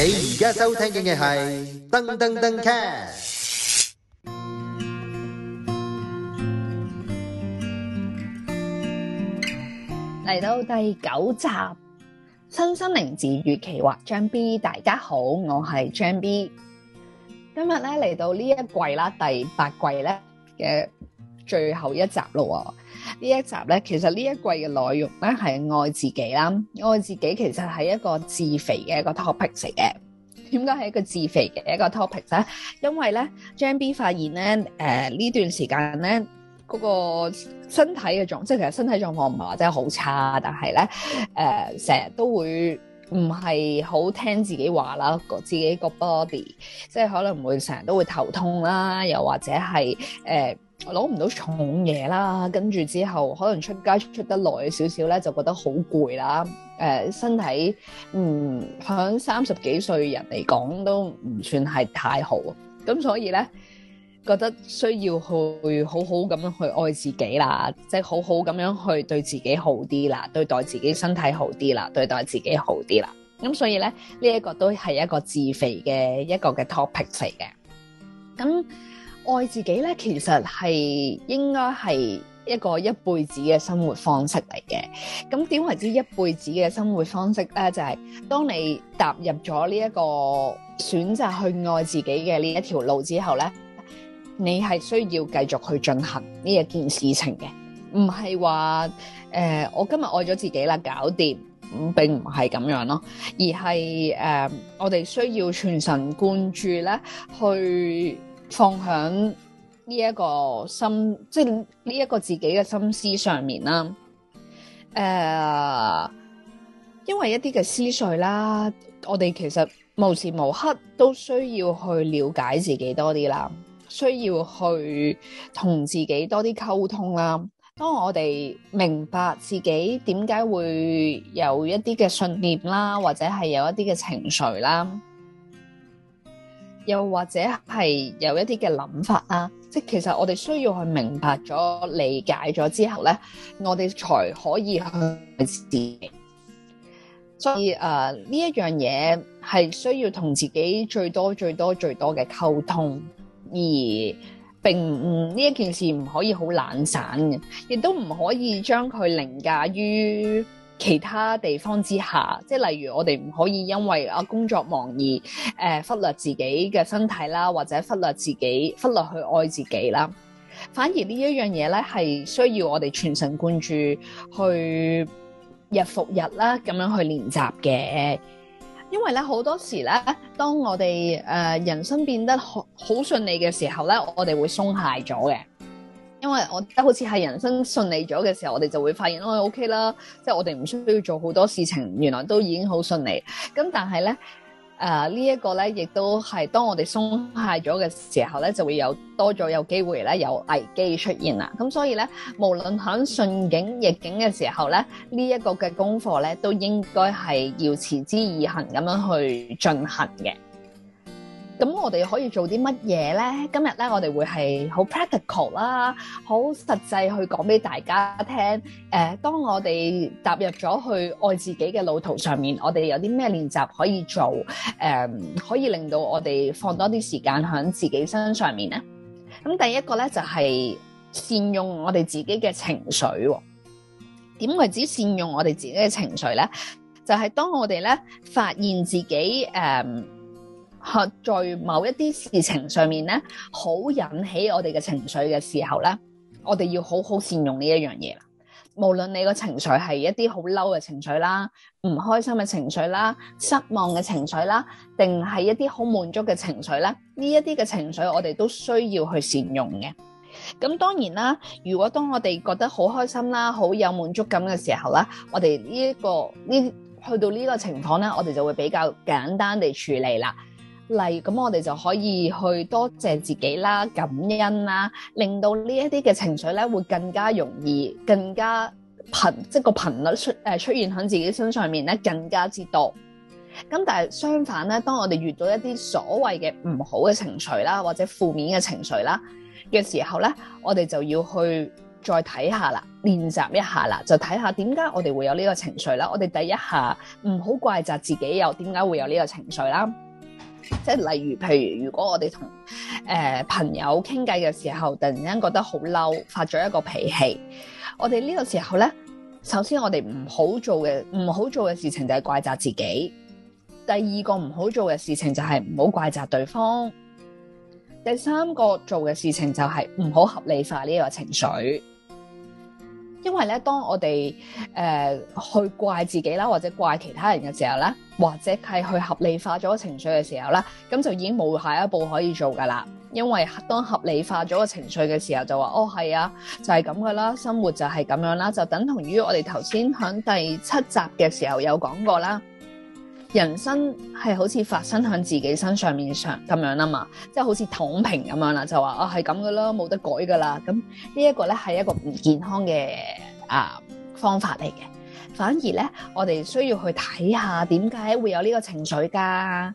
你而家收聽嘅係《噔噔噔 cast》，嚟到第九集《新心名字語奇畫》張 B。大家好，我係張 B。今日咧嚟到呢一季啦，第八季咧嘅最後一集咯。呢一集咧，其實呢一季嘅內容咧係愛自己啦。愛自己其實係一個自肥嘅一個 topic 嚟嘅。點解係一個自肥嘅一個 topic 咧？因為咧 j a m b y 發現咧，誒、呃、呢段時間咧，嗰、那個身體嘅狀，即係其實身體狀況唔係話真係好差，但係咧，誒成日都會唔係好聽自己話啦，自己個 body，即係可能會成日都會頭痛啦，又或者係誒。呃攞唔到重嘢啦，跟住之後可能出街出，出得耐少少咧，就覺得好攰啦、呃。身體嗯，響三十幾歲人嚟講都唔算係太好。咁所以咧，覺得需要去好好咁樣去愛自己啦，即係好好咁樣去對自己好啲啦，對待自己身體好啲啦，對待自己好啲啦。咁所以咧，呢一個都係一個自肥嘅一個嘅 topic 嚟嘅。咁愛自己咧，其實係應該係一個一輩子嘅生活方式嚟嘅。咁點為之一輩子嘅生活方式咧？就係、是、當你踏入咗呢一個選擇去愛自己嘅呢一條路之後咧，你係需要繼續去進行呢一件事情嘅，唔係話誒，我今日愛咗自己啦，搞掂咁、嗯，並唔係咁樣咯，而係誒、呃、我哋需要全神貫注咧去。放喺呢一個心，即係呢一個自己嘅心思上面啦。誒、呃，因為一啲嘅思緒啦，我哋其實無時無刻都需要去了解自己多啲啦，需要去同自己多啲溝通啦。當我哋明白自己點解會有一啲嘅信念啦，或者係有一啲嘅情緒啦。又或者係有一啲嘅諗法啊，即係其實我哋需要去明白咗、理解咗之後咧，我哋才可以去知。所以誒，呢、呃、一樣嘢係需要同自己最多、最多、最多嘅溝通，而並唔呢一件事唔可以好懶散嘅，亦都唔可以將佢凌駕於其他地方之下，即係例如我哋唔可以因為啊工作忙而誒忽略自己嘅身體啦，或者忽略自己，忽略去愛自己啦。反而呢一樣嘢咧，係需要我哋全神貫注去日復日啦，咁樣去練習嘅。因為咧好多時咧，當我哋誒人生變得好好順利嘅時候咧，我哋會鬆懈咗嘅。因為我覺得好似係人生順利咗嘅時候，我哋就會發現、哎 okay 就是、我 OK 啦，即我哋唔需要做好多事情，原來都已經好順利。咁但係咧，誒、呃這個、呢一個咧，亦都係當我哋鬆懈咗嘅時候咧，就會有多咗有機會咧有危機出現啦。咁所以咧，無論喺順境逆境嘅時候咧，這個、呢一個嘅功課咧，都應該係要持之以恆咁樣去進行嘅。咁我哋可以做啲乜嘢呢？今日咧，我哋會係好 practical 啦，好實際去講俾大家聽。誒、呃，當我哋踏入咗去愛自己嘅路途上面，我哋有啲咩練習可以做？呃、可以令到我哋放多啲時間喺自己身上面呢？咁第一個咧就係、是、善用我哋自己嘅情緒、哦。點為止善用我哋自己嘅情緒呢？就係、是、當我哋咧發現自己、呃在某一啲事情上面咧，好引起我哋嘅情緒嘅時候咧，我哋要好好善用呢一樣嘢啦。無論你個情緒係一啲好嬲嘅情緒啦、唔開心嘅情緒啦、失望嘅情緒啦，定係一啲好滿足嘅情緒咧，呢一啲嘅情緒我哋都需要去善用嘅。咁當然啦，如果當我哋覺得好開心啦、好有滿足感嘅時候咧，我哋呢一個呢、這個、去到呢個情況咧，我哋就會比較簡單地處理啦。例如咁，我哋就可以去多謝自己啦、感恩啦，令到呢一啲嘅情緒咧，會更加容易、更加頻即係、就是、個頻率出誒、呃、出現喺自己身上面咧，更加之多。咁但係相反咧，當我哋遇到一啲所謂嘅唔好嘅情緒啦，或者負面嘅情緒啦嘅時候咧，我哋就要去再睇下啦，練習一下啦，就睇下點解我哋會有呢個情緒啦。我哋第一下唔好怪責自己有，又點解會有呢個情緒啦？即係例如，譬如如果我哋同誒朋友傾偈嘅時候，突然間覺得好嬲，發咗一個脾氣，我哋呢個時候咧，首先我哋唔好做嘅唔好做嘅事情就係怪責自己；第二個唔好做嘅事情就係唔好怪責對方；第三個做嘅事情就係唔好合理化呢個情緒。因為咧，當我哋誒、呃、去怪自己啦，或者怪其他人嘅時候咧，或者係去合理化咗個情緒嘅時候咧，咁就已經冇下一步可以做噶啦。因為當合理化咗個情緒嘅時候，就話哦，係啊，就係咁噶啦，生活就係咁樣啦，就等同於我哋頭先響第七集嘅時候有講過啦。人生係好似發生喺自己身上面上咁樣啦嘛，即係好似躺平咁樣啦，就話啊係咁噶啦，冇得改噶啦。咁呢一個咧係一個唔健康嘅啊方法嚟嘅。反而咧，我哋需要去睇下點解會有呢個情緒噶？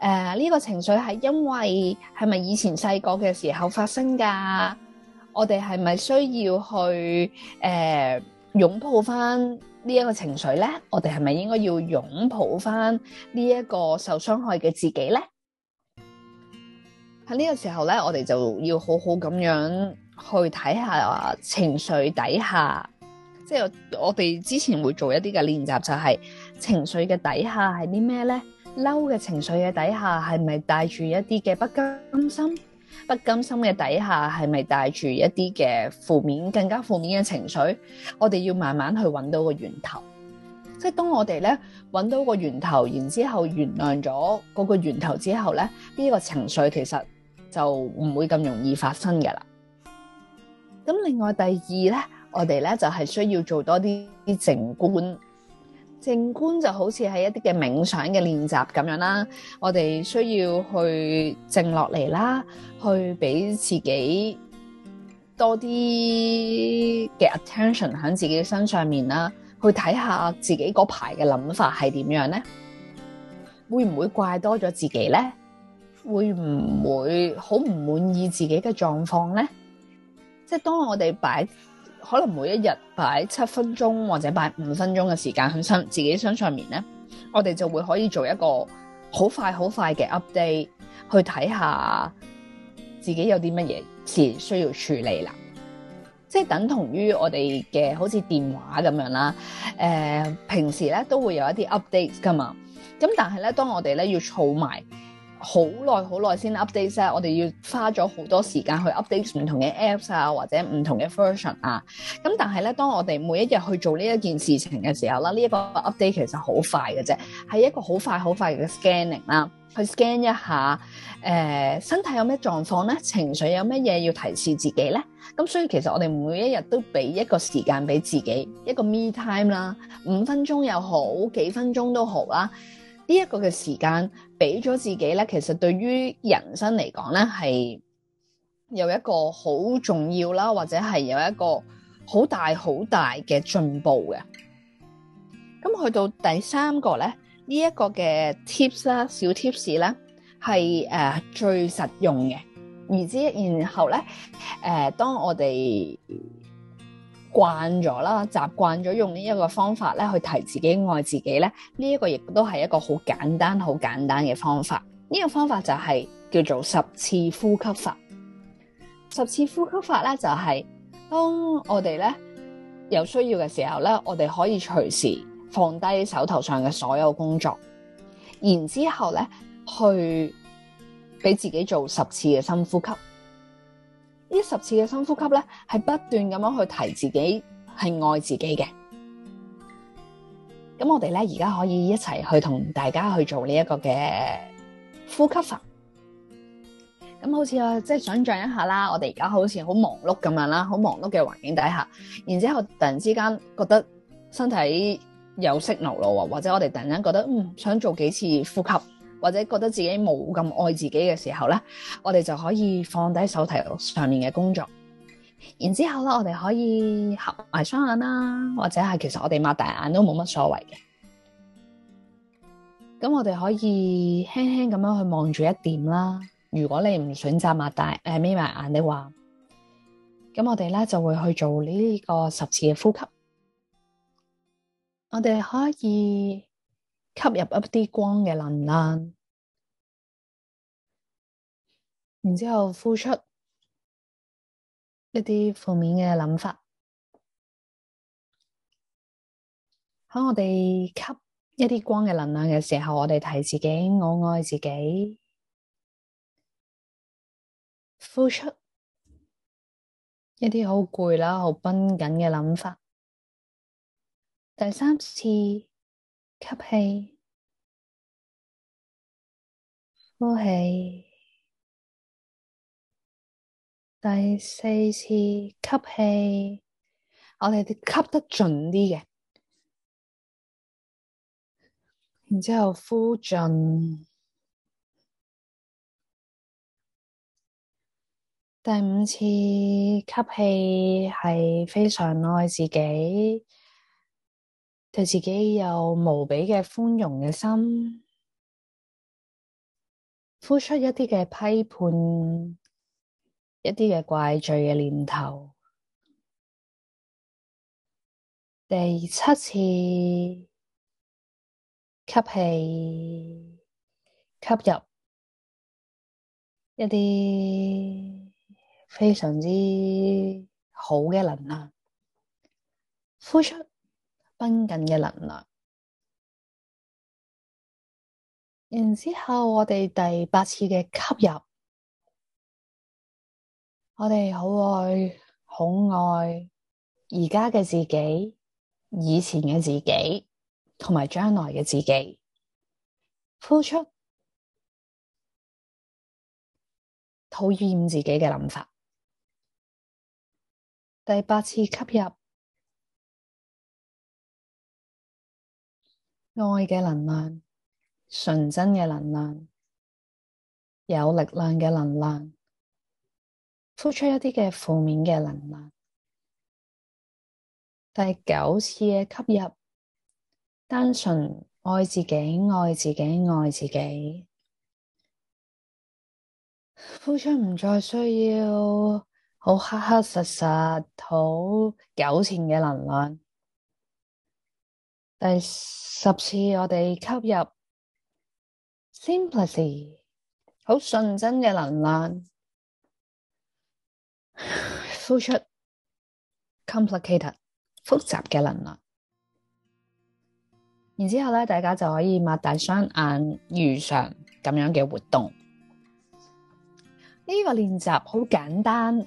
誒呢個情緒係因為係咪以前細個嘅時候發生噶？我哋係咪需要去誒擁抱翻？呢一個情緒咧，我哋係咪應該要擁抱翻呢一個受傷害嘅自己咧？喺呢個時候咧，我哋就要好好咁樣去睇下情緒底下，即係我哋之前會做一啲嘅練習，就係情緒嘅底下係啲咩咧？嬲嘅情緒嘅底下係咪帶住一啲嘅不甘心？不甘心嘅底下，係咪帶住一啲嘅負面，更加負面嘅情緒？我哋要慢慢去揾到個源頭。即係當我哋咧揾到個源頭，然之後原諒咗嗰個源頭之後咧，呢個情緒其實就唔會咁容易發生嘅啦。咁另外第二咧，我哋咧就係需要做多啲靜觀。靜觀就好似係一啲嘅冥想嘅練習咁樣啦，我哋需要去靜落嚟啦，去俾自己多啲嘅 attention 喺自己身上面啦，去睇下自己嗰排嘅諗法係點樣咧？會唔會怪多咗自己咧？會唔會好唔滿意自己嘅狀況咧？即係當我哋擺。可能每一日擺七分鐘或者擺五分鐘嘅時間喺身自己身上面咧，我哋就會可以做一個好快好快嘅 update，去睇下自己有啲乜嘢事需要處理啦。即係等同於我哋嘅好似電話咁樣啦。呃，平時咧都會有一啲 update 噶嘛。咁但係咧，當我哋咧要儲埋好耐好耐先 update 啊！我哋要花咗好多時間去 update 唔同嘅 apps 啊，或者唔同嘅 version 啊。咁但係咧，當我哋每一日去做呢一件事情嘅時候啦，呢一個 update 其實好快嘅啫，係一個好快好快嘅 scanning 啦、啊，去 scan 一下、呃、身體有咩狀況咧，情緒有咩嘢要提示自己咧。咁所以其實我哋每一日都俾一個時間俾自己一個 me time 啦，五分鐘又好，幾分鐘都好啦。呢一個嘅時間俾咗自己咧，其實對於人生嚟講咧，係有一個好重要啦，或者係有一個好大好大嘅進步嘅。咁去到第三個咧，呢一個嘅 tips 啦，小 tips 咧，係誒最實用嘅。然之後咧，誒當我哋慣咗啦，習慣咗用呢一個方法咧去提自己愛自己咧，呢一個亦都係一個好簡單好簡單嘅方法。呢個方法就係叫做十次呼吸法。十次呼吸法咧就係當我哋咧有需要嘅時候咧，我哋可以隨時放低手頭上嘅所有工作，然之後咧去俾自己做十次嘅深呼吸。呢十次嘅深呼吸咧，係不斷咁樣去提自己，係愛自己嘅。咁我哋咧而家可以一齊去同大家去做呢一個嘅呼吸法。咁好似啊，即係想象一下啦，我哋而家好似好忙碌咁樣啦，好忙碌嘅環境底下，然之後突然之間覺得身體有息怒咯，或者我哋突然間覺得嗯想做幾次呼吸。或者覺得自己冇咁愛自己嘅時候咧，我哋就可以放低手提上面嘅工作，然之後咧，我哋可以合埋雙眼啦，或者係其實我哋擘大眼都冇乜所謂嘅。咁我哋可以輕輕咁樣去望住一點啦。如果你唔選擇擘大誒眯埋眼嘅話，咁我哋咧就會去做呢個十次嘅呼吸。我哋可以。吸入一啲光嘅能量，然之後呼出一啲負面嘅諗法。喺我哋吸一啲光嘅能量嘅時候，我哋提自己：我愛自己。呼出一啲好攰啦、好繃緊嘅諗法。第三次。吸氣，呼氣。第四次吸氣，我哋吸得盡啲嘅，然之後呼盡。第五次吸氣係非常愛自己。對自己有無比嘅寬容嘅心，呼出一啲嘅批判、一啲嘅怪罪嘅念頭。第七次吸氣，吸入一啲非常之好嘅能量，呼出。繃緊嘅能量，然之後我哋第八次嘅吸入，我哋好愛，好愛而家嘅自己，以前嘅自己，同埋將來嘅自己，呼出，討厭自己嘅諗法，第八次吸入。愛嘅能量，純真嘅能量，有力量嘅能量，付出一啲嘅負面嘅能量。第九次嘅吸入，單純愛自己，愛自己，愛自己。付出唔再需要好黑黑實實，好糾纏嘅能量。第十次，我哋吸入 simplicity，好純真嘅能量，輸出 complicated 複雜嘅能量。然之後咧，大家就可以擘大雙眼，如常咁樣嘅活動。呢、這個練習好簡單，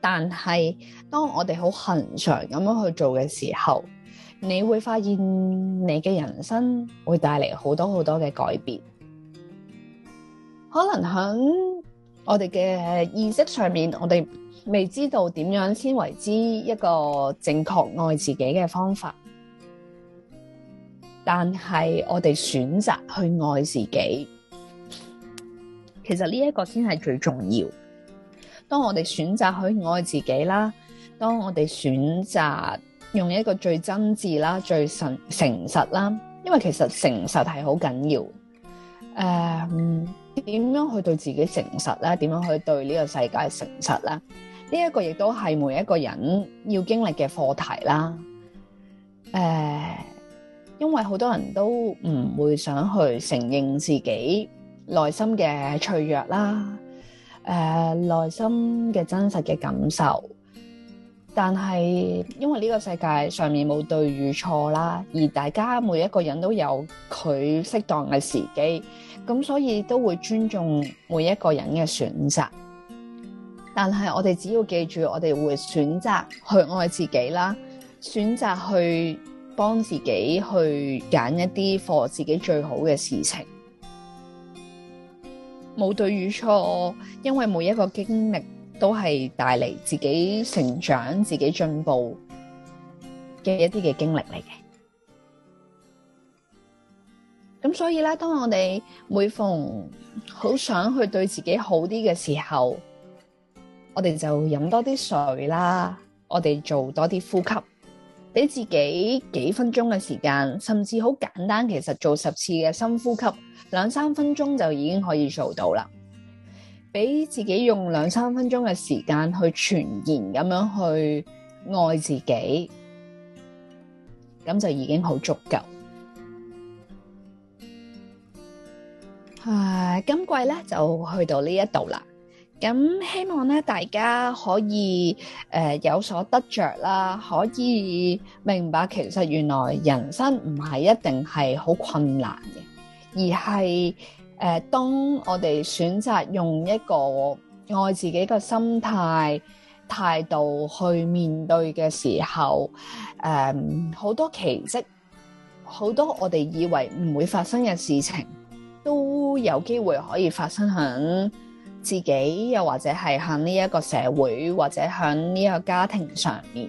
但係當我哋好恆常咁樣去做嘅時候。你會發現你嘅人生會帶嚟好多好多嘅改變，可能喺我哋嘅意識上面，我哋未知道點樣先為之一個正確愛自己嘅方法，但係我哋選擇去愛自己，其實呢一個先係最重要。當我哋選擇去愛自己啦，當我哋選擇。用一個最真摯啦、最誠誠實啦，因為其實誠實係好緊要。誒，點樣去對自己誠實咧？點樣去對呢個世界誠實咧？呢一個亦都係每一個人要經歷嘅課題啦。誒，因為好多人都唔會想去承認自己內心嘅脆弱啦，誒，內心嘅真實嘅感受。但係，因為呢個世界上面冇對與錯啦，而大家每一個人都有佢適當嘅時機，咁所以都會尊重每一個人嘅選擇。但係我哋只要記住，我哋會選擇去愛自己啦，選擇去幫自己，去揀一啲符合自己最好嘅事情。冇對與錯，因為每一個經歷。都係帶嚟自己成長、自己進步嘅一啲嘅經歷嚟嘅。咁所以咧，當我哋每逢好想去對自己好啲嘅時候，我哋就飲多啲水啦，我哋做多啲呼吸，俾自己幾分鐘嘅時間，甚至好簡單，其實做十次嘅深呼吸，兩三分鐘就已經可以做到啦。俾自己用兩三分鐘嘅時間去全然咁樣去愛自己，咁就已經好足夠。誒，今季咧就去到呢一度啦。咁希望咧大家可以誒有所得着啦，可以明白其實原來人生唔係一定係好困難嘅，而係。誒，當我哋選擇用一個愛自己嘅心態態度去面對嘅時候，誒、嗯、好多奇蹟，好多我哋以為唔會發生嘅事情，都有機會可以發生喺自己，又或者係喺呢一個社會，或者喺呢個家庭上面。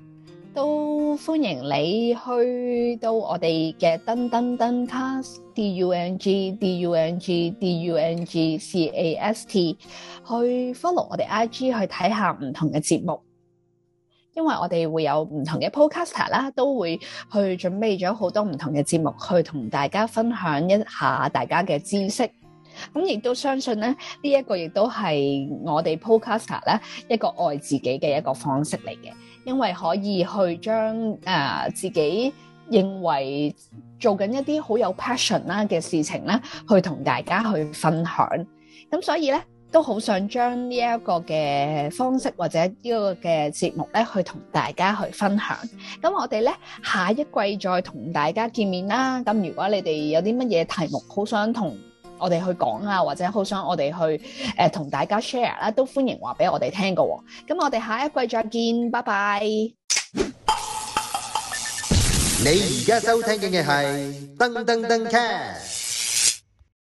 都歡迎你去到我哋嘅登登登 Dung Dung Dung Cast，D U N G D U N G D U N G C A S T 去 follow 我哋 I G 去睇下唔同嘅節目，因為我哋會有唔同嘅 podcaster 啦，都會去準備咗好多唔同嘅節目去同大家分享一下大家嘅知識。咁、嗯、亦都相信咧，呢、這、一個亦都係我哋 podcaster 咧一個愛自己嘅一個方式嚟嘅。因為可以去將誒自己認為做緊一啲好有 passion 啦嘅事情啦，去同大家去分享。咁所以咧，都好想將呢一個嘅方式或者呢個嘅節目咧，去同大家去分享。咁我哋咧下一季再同大家見面啦。咁如果你哋有啲乜嘢題目，好想同我哋去講啊，或者好想我哋去誒同大家 share 啦，都歡迎話俾我哋聽噶。咁我哋下一季再見，拜拜。你而家收聽緊嘅係噔噔噔 cast。